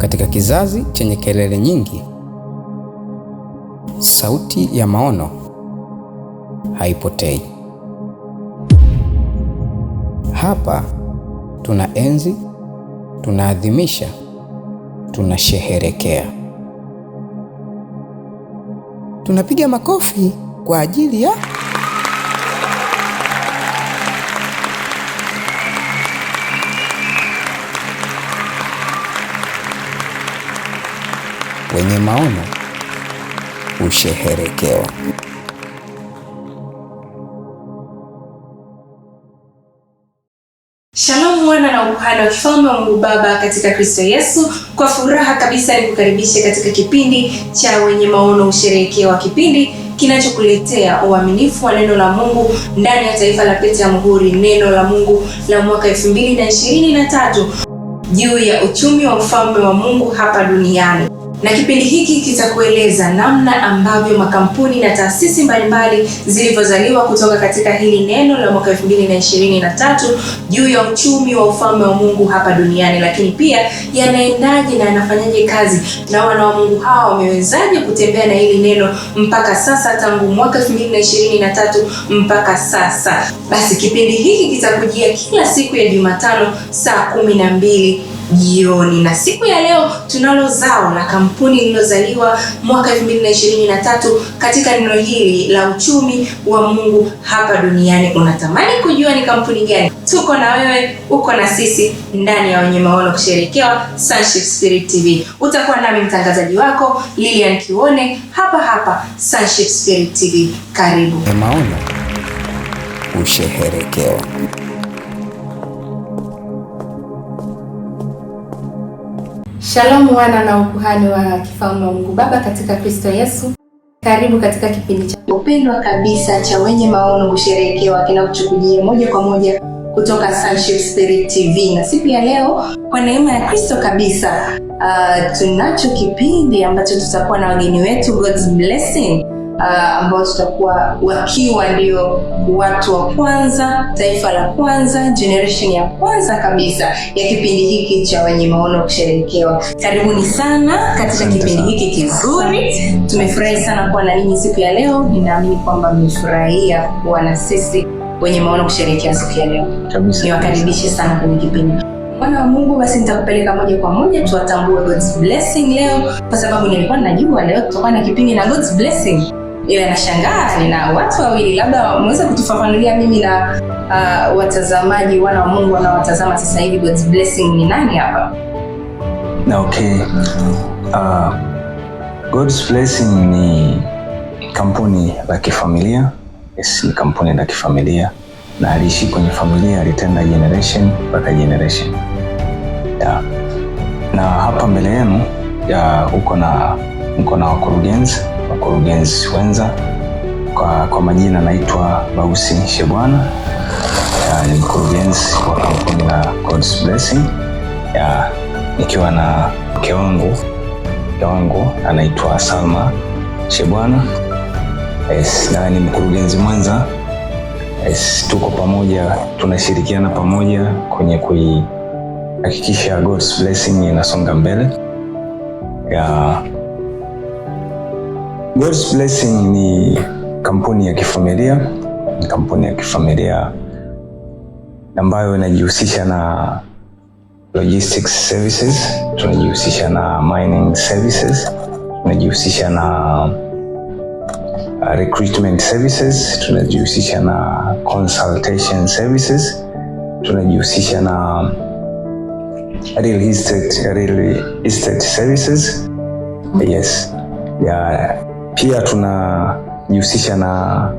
Katika kizazi chenye kelele nyingi, sauti ya maono haipotei. Hapa tunaenzi, tunaadhimisha, tunasherehekea, tunapiga makofi kwa ajili ya wenye maono usheherekewa. Shalom wana na ukuhani wa kifalme wa Mungu Baba katika Kristo Yesu. Kwa furaha kabisa nikukaribishe katika kipindi cha wenye maono wa kipindi kinachokuletea uaminifu wa neno la Mungu ndani ya taifa la pete ya Muhuri, neno la Mungu la mwaka 2023 juu ya uchumi wa ufalme wa Mungu hapa duniani na kipindi hiki kitakueleza namna ambavyo makampuni na taasisi mbalimbali zilivyozaliwa kutoka katika hili neno la mwaka 2023 juu ya uchumi wa ufalme wa Mungu hapa duniani, lakini pia yanaendaje na yanafanyaje kazi na wana wa Mungu hawa wamewezaje kutembea na hili neno mpaka sasa, tangu mwaka 2023 mpaka sasa. Basi kipindi hiki kitakujia kila siku ya Jumatano saa 12 na jioni. Na siku ya leo tunalo zao la kampuni lililozaliwa mwaka 2023 katika neno hili la uchumi wa Mungu hapa duniani. Unatamani kujua ni kampuni gani? Tuko na wewe, uko na sisi ndani ya wenye maono kusherehekewa Sonship Spirit TV. Utakuwa nami mtangazaji wako Lilian Kione hapa hapa Sonship Spirit TV. Karibu. Maono kusheherekewa. Shalom wana na ukuhani wa kifalme wa Mungu Baba katika Kristo Yesu. Karibu katika kipindi cha upendwa kabisa cha wenye maono kusherehekewa kinakuchukujia moja kwa moja kutoka Sonship Spirit TV, na siku ya leo kwa neema ya Kristo kabisa, uh, tunacho kipindi ambacho tutakuwa na wageni wetu God's Blessing uh, ambao tutakuwa wakiwa ndio watu wa kwanza, taifa la kwanza, generation ya kwanza kabisa ya kipindi hiki cha wenye maono kusherehekewa. Karibuni sana katika kipindi hiki kizuri. Tumefurahi sana kuwa na ninyi siku ya leo. Ninaamini kwamba mmefurahia kuwa na sisi wenye maono kusherehekea siku ya leo. Niwakaribishe sana kwenye kipindi Bwana wa Mungu, basi nitakupeleka moja kwa moja tuwatambue God's blessing leo, kwa sababu nilikuwa najua leo tutakuwa na kipindi na God's blessing ila nashangaa nina watu wawili, labda mweza kutufafanulia mimi na uh, watazamaji wana wa Mungu wanaowatazama sasa hivi, God's blessing ni nani hapa? Okay. Uh, God's blessing ni kampuni la kifamilia yes, ni kampuni la kifamilia na aliishi kwenye familia, alitenda generation mpaka generation yeah. Na hapa mbele yenu uh, uko na uko na wakurugenzi mkurugenzi wenza. Kwa, kwa majina naitwa Bausi Shebwana, ni mkurugenzi wa kampuni la God's Blessing, nikiwa na mke wangu mke wangu anaitwa Salma Shebwana. Yes, na ni mkurugenzi mwenza yes, tuko pamoja, tunashirikiana pamoja kwenye kuihakikisha God's Blessing inasonga mbele ya God's Blessing ni kampuni ya kifamilia, ni kampuni ya kifamilia ambayo inajihusisha na logistics services, tunajihusisha na mining services, tunajihusisha na uh, recruitment services, tunajihusisha na consultation services, tunajihusisha na real estate, real estate services. Yes, yeah. Pia tunajihusisha na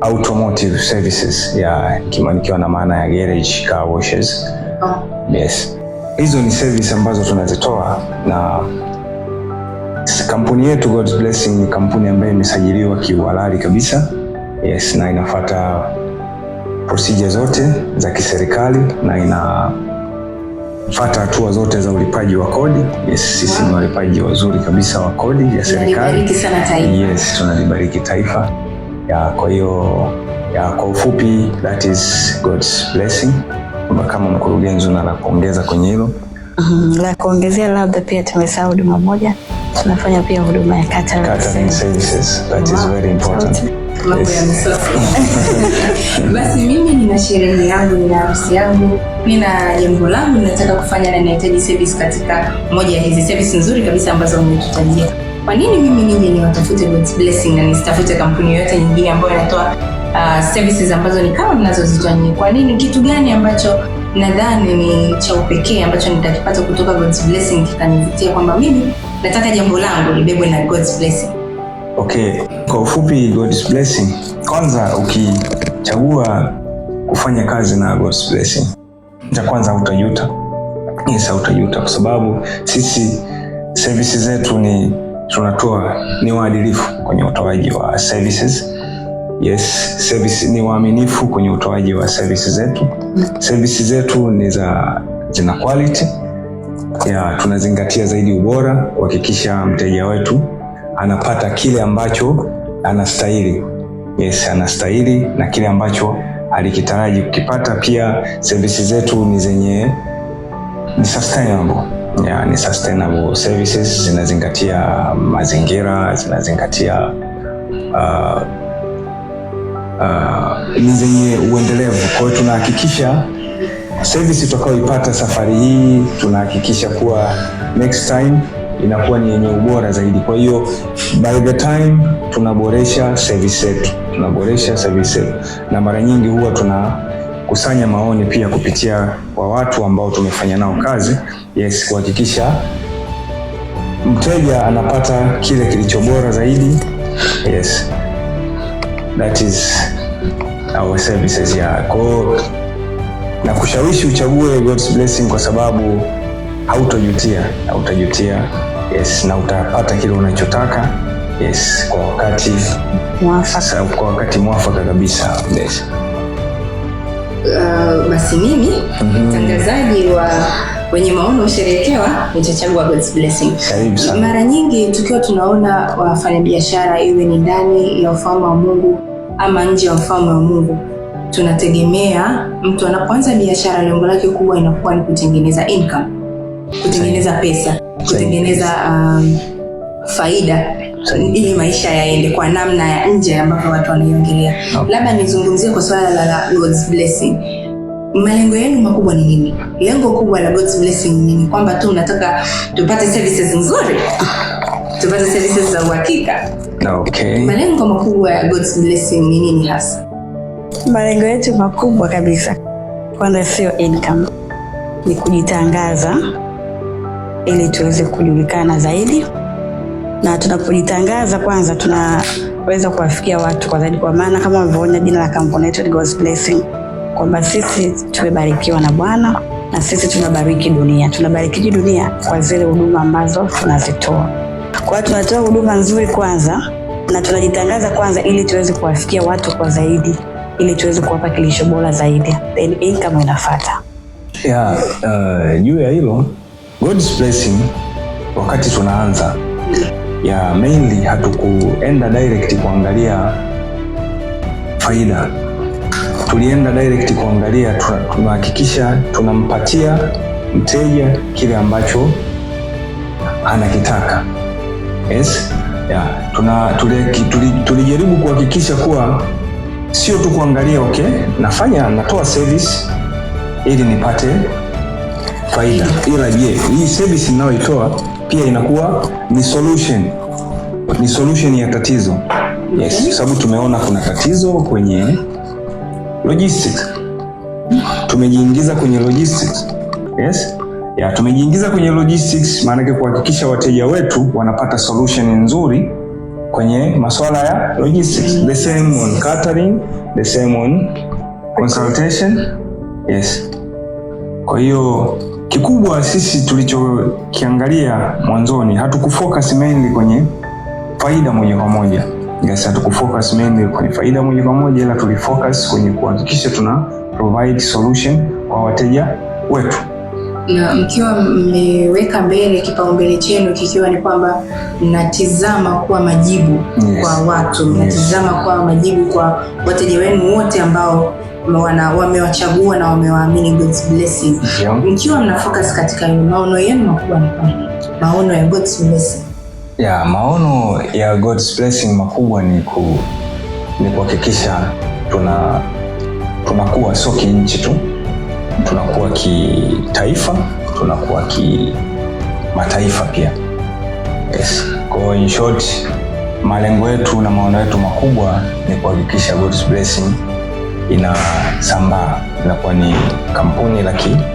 automotive services ya kimanikiwa na maana ya garage, car washes. Oh. Yes. Hizo ni service ambazo tunazitoa na kampuni yetu God's Blessing ni kampuni ambayo imesajiliwa kiuhalali kabisa. Yes, na inafuata procedure zote za kiserikali na ina fata hatua zote za ulipaji wa kodi. Yes, sisi ni walipaji wazuri kabisa wa kodi ya serikali. Yes, tunalibariki taifa ya, kwa hiyo ya, kwa ufupi that is God's blessing. Kama mkurugenzi una la kuongeza kwenye hilo? Mhm, la kuongezea labda pia tumesahau huduma moja tunafanya pia huduma ya catering services. That is very important mambo ya msosi. Basi mimi nina sherehe yangu, nina harusi yangu, nina jambo langu ninataka kufanya, na ninahitaji service katika moja ya hizi service nzuri kabisa ambazo mmetutajia. Kwa nini mimi nije niwatafute God's Blessing na nisitafute kampuni yoyote nyingine ambayo inatoa uh, services ambazo ni kama mnazozitoa nyinyi? Kwa nini? Kitu gani ambacho nadhani ni cha upekee ambacho nitakipata kutoka God's Blessing kikanivutia kwamba mimi nataka jambo langu libebwe na God's Blessing? Okay, kwa ufupi God's Blessing. Kwanza ukichagua kufanya kazi na God's Blessing, cha kwanza utajuta. Yes, utajuta kwa sababu sisi services zetu ni tunatoa, ni waadilifu kwenye utoaji wa services. Yes, service ni waaminifu kwenye utoaji wa services zetu. Services zetu ni za zina quality ya, tunazingatia zaidi ubora kuhakikisha mteja wetu anapata kile ambacho anastahili. Yes, anastahili na kile ambacho alikitaraji kukipata. Pia servisi zetu ni zenye ni sustainable. Yeah, ni sustainable services zinazingatia mazingira, zinazingatia uh, uh, ni zenye uendelevu. Kwa hiyo tunahakikisha service tutakaoipata safari hii tunahakikisha kuwa next time inakuwa ni yenye ubora zaidi. Kwa hiyo by the time tunaboresha service yetu, tunaboresha service yetu, na mara nyingi huwa tunakusanya maoni pia kupitia kwa watu ambao tumefanya nao kazi, yes, kuhakikisha mteja anapata kile kilicho bora zaidi. Yes, that is our services ya kwao, na kushawishi uchague God's Blessing kwa sababu hautojutia, hautajutia yes, na utapata kile unachotaka yes, kwa wakati mwafaka, kwa wakati mwafaka kabisa yes. Uh, basi mimi mhm. mtangazaji mm -hmm. wa wenye maono husherehekewa, nitachagua God's blessing. Mara nyingi tukiwa tunaona wafanyabiashara, iwe ni ndani ya ufalme wa Mungu ama nje ya ufalme wa Mungu, tunategemea mtu anapoanza biashara, lengo lake kubwa inakuwa ni kutengeneza income kutengeneza pesa, kutengeneza um, faida ili maisha yaende kwa namna ya nje ambavyo watu wanaiongelea. Okay. Labda nizungumzie kwa swala la God's blessing. Malengo yenu makubwa ni nini? Lengo kubwa la God's blessing ni nini? Kwamba tu unataka tupate services nzuri, tupate services za uhakika. Okay. Malengo makubwa ya God's blessing ni nini hasa? Malengo yetu makubwa kabisa, kwanza sio income, ni kujitangaza ili tuweze kujulikana zaidi, na tunapojitangaza kwanza, tunaweza kuwafikia watu kwa zaidi, kwa maana kama mlivyoona jina la kampuni yetu God's Blessing, kwamba sisi tumebarikiwa na Bwana na sisi tunabariki dunia. Tunabariki dunia kwa zile huduma ambazo tunazitoa. Kwa tunatoa huduma nzuri kwanza, na tunajitangaza kwanza ili tuweze kuwafikia watu kwa zaidi, ili tuweze kuwapa kilisho bora zaidi, then income inafuata. Yeah, uh, juu ya hilo God's Blessing wakati tunaanza ya yeah, mainly hatukuenda direct kuangalia faida, tulienda direct kuangalia tunahakikisha tunampatia mteja kile ambacho anakitaka. Yes? Yeah. Tuna, tulijaribu tuli, tuli kuhakikisha kuwa sio tu kuangalia okay, nafanya natoa service ili nipate faida, ila je, hii service ninayoitoa pia inakuwa ni solution, ni solution ya tatizo yes, sababu tumeona kuna tatizo kwenye logistics, tumejiingiza kwenye logistics yes ya tumejiingiza kwenye logistics, maana yake kuhakikisha wateja wetu wanapata solution nzuri kwenye masuala ya logistics. The same on catering, the same on consultation. Yes, kwa hiyo Kikubwa sisi tulichokiangalia mwanzoni, hatukufocus mainly kwenye faida moja kwa moja. Yes, hatukufocus mainly kwenye faida moja kwa moja, ila tulifocus kwenye kuhakikisha tuna provide solution kwa wateja wetu. Na mkiwa mmeweka mbele, kipaumbele chenu kikiwa ni kwamba mnatizama kuwa majibu yes, kwa watu mnatizama yes, kuwa majibu kwa wateja wenu wote ambao wamewachagua na wamewaamini God's blessing. Mkiwa mna focus katika hiyo maono yenu makubwa ni maono ya God's blessing. Ya, maono ya God's blessing makubwa ni ku ni kuhakikisha tuna tunakuwa sio kinchi tu, tunakuwa kitaifa, tunakuwa kimataifa pia. Yes. Kwa in short, malengo yetu na maono yetu makubwa ni kuhakikisha God's blessing inasambaa, inakuwa ni kampuni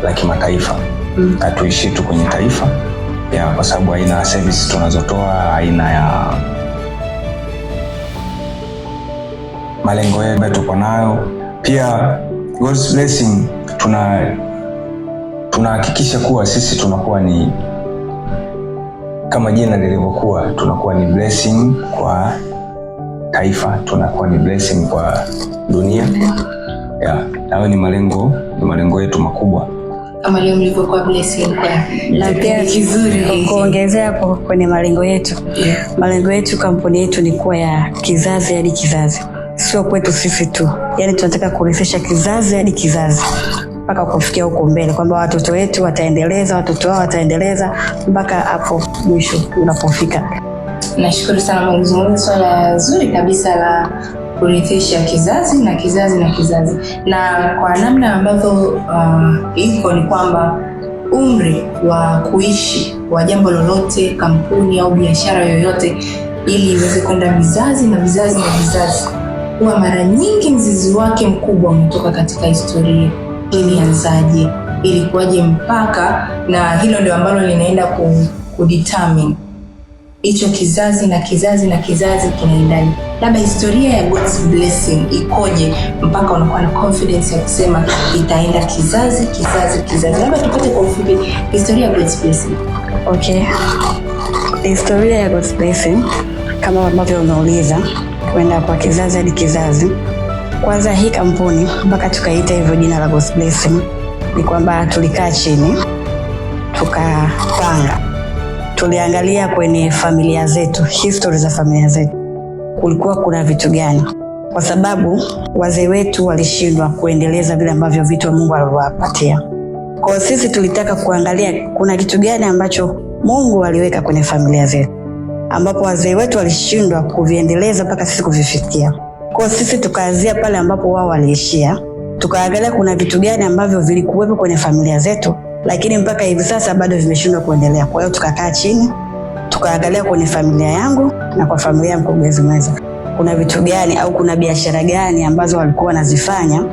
la kimataifa mm. hatuishi tu kwenye taifa ya, kwa sababu aina ya service tunazotoa, aina ya malengo yetu tuko nayo pia. God's Blessing tuna tunahakikisha kuwa sisi tunakuwa ni kama jina lilivyokuwa, tunakuwa ni blessing kwa taifa, tunakuwa ni blessing kwa dunia yeah. Hayo ni malengo, ni malengo yetu makubwa kama leo mlivyokuwa blessing kwa vizuri. Kuongezea kwenye malengo yetu yeah. Malengo yetu kampuni yetu ni kuwa ya kizazi hadi kizazi, sio kwetu sisi tu, yaani tunataka kurithisha kizazi hadi kizazi mpaka kufikia huko mbele, kwamba watoto wetu wataendeleza, watoto wao wataendeleza mpaka hapo mwisho unapofika. Nashukuru sana mezungumza swala zuri kabisa la kurithisha kizazi na kizazi na kizazi, na kwa namna ambavyo uh, iko ni kwamba umri wa kuishi wa jambo lolote, kampuni au biashara yoyote, ili iweze kwenda vizazi na vizazi na vizazi, huwa mara nyingi mzizi wake mkubwa umetoka katika historia. Ilianzaje, ilikuwaje mpaka, na hilo ndio ambalo linaenda ku, kudetermine hicho kizazi na kizazi na kizazi kinaendaje, labda historia ya God's blessing ikoje, mpaka unakuwa na confidence ya kusema itaenda kizazi kizazi kizazi. Labda tupate kwa ufupi historia ya God's blessing. Okay, historia ya God's blessing kama ambavyo umeuliza, kuenda kwa kizazi hadi kizazi. Kwanza hii kampuni mpaka tukaita hivyo jina la God's blessing ni kwamba tulikaa chini tukapanga tuliangalia kwenye familia zetu, history za familia zetu, kulikuwa kuna vitu gani, kwa sababu wazee wetu walishindwa kuendeleza vile ambavyo vitu wa Mungu alivyowapatia. Kwa sisi tulitaka kuangalia kuna kitu gani ambacho Mungu aliweka kwenye familia zetu ambapo wazee wetu walishindwa kuviendeleza mpaka sisi kuvifikia. Kwa sisi tukaanzia pale ambapo wao waliishia, tukaangalia kuna vitu gani ambavyo vilikuwepo kwenye familia zetu lakini mpaka hivi sasa bado vimeshindwa kuendelea. Kwa hiyo tukakaa chini tukaangalia kwenye familia yangu na kwa familia ya mkurugenzi kuna vitu gani au kuna biashara gani ambazo walikuwa wanazifanya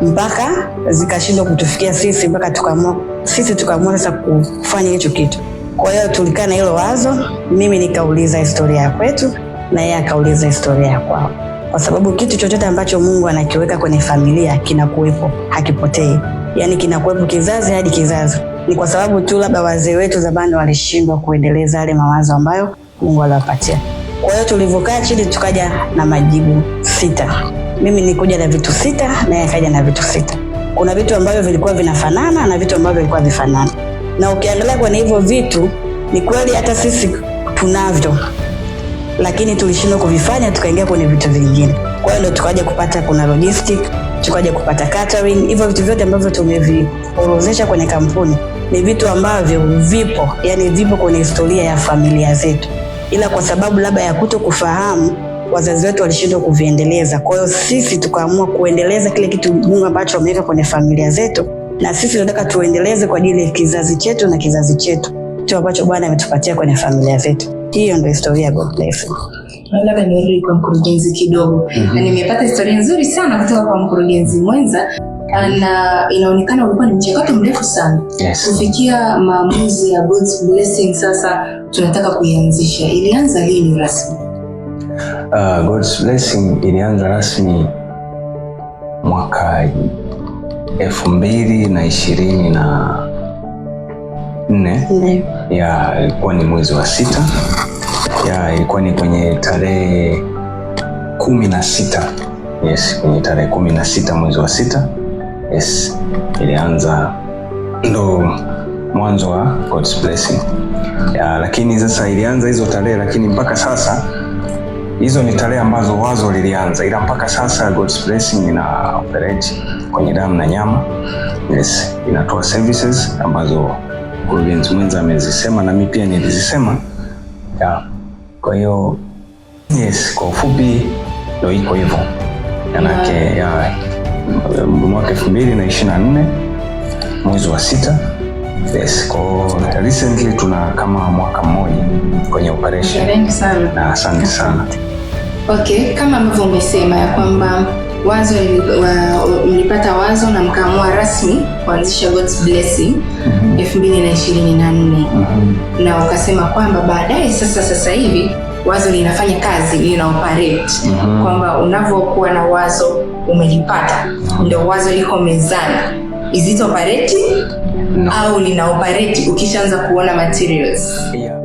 mpaka zikashindwa kutufikia sisi, mpaka tukamua sisi tukaamua sasa kufanya hicho kitu. Kwa hiyo tulikaa na hilo wazo, mimi nikauliza historia ya kwetu na yeye akauliza historia ya kwao, kwa sababu kitu chochote ambacho Mungu anakiweka kwenye familia kinakuwepo, hakipotei yani kinakuwepo kizazi hadi kizazi. Ni kwa sababu tu labda wazee wetu zamani walishindwa kuendeleza yale mawazo ambayo Mungu aliwapatia. Kwa hiyo tulivyokaa chini tukaja na majibu sita. Mimi nikuja na vitu sita, naye akaja na vitu sita. Kuna vitu ambavyo vilikuwa vinafanana na vitu ambavyo vilikuwa vifanana, na ukiangalia kwenye hivyo vitu, ni kweli hata sisi tunavyo, lakini tulishindwa kuvifanya, tukaingia kwenye vitu vingine. Kwa hiyo ndo tukaja kupata kuna logistic tukaja kupata catering. Hivyo vitu vyote ambavyo tumeviorozesha kwenye kampuni ni vitu ambavyo vipo, yani vipo kwenye historia ya familia zetu, ila kwa sababu labda ya kuto kufahamu wazazi wetu walishindwa kuviendeleza. Kwa hiyo sisi tukaamua kuendeleza kile kitu Mungu ambacho wameweka kwenye familia zetu, na sisi tunataka tuendeleze kwa ajili ya kizazi chetu na kizazi chetu, kitu ambacho Bwana ametupatia kwenye familia zetu. Hiyo ndio historia ya God labda nirudi kwa mkurugenzi kidogo. mm -hmm. nimepata historia nzuri sana kutoka kwa mkurugenzi mwenza na inaonekana ulikuwa ni mchakato mrefu sana yes. kufikia maamuzi ya God's Blessing. Sasa tunataka kuianzisha, ilianza lini rasmi? Uh, God's Blessing ilianza rasmi mwaka elfu mbili na ishirini na nne ya ilikuwa ni mwezi wa sita ya ilikuwa ni kwenye tarehe kumi na sita yes, kwenye tarehe kumi na sita mwezi wa sita yes, ilianza ndo mwanzo wa God's blessing ya, lakini sasa ilianza hizo tarehe, lakini mpaka sasa hizo ni tarehe ambazo wazo lilianza, ila mpaka sasa God's blessing ina operate kwenye damu na nyama yes, inatoa services ambazo mkurugenzi mwenza amezisema na mi pia nilizisema ya. Kwa hiyo yes, kwa ufupi ndio iko hivyo manake ya mwaka elfu mbili na ishirini na nne mwezi wa sita yes, kwa recently tuna kama mwaka mmoja kwenye operation sana. Na asante sana okay, kama ambavyo umesema ya kwamba wazo mlipata wazo na mkaamua rasmi kuanzisha God's Blessing elfu mbili na ishirini na nne mhm. na wakasema kwamba baadaye sasa sasa hivi wazo linafanya kazi lina operate mhm. kwamba unavyokuwa na wazo umelipata, mhm. ndio wazo liko mezani izito it operate au lina operate ukishaanza kuona materials yeah.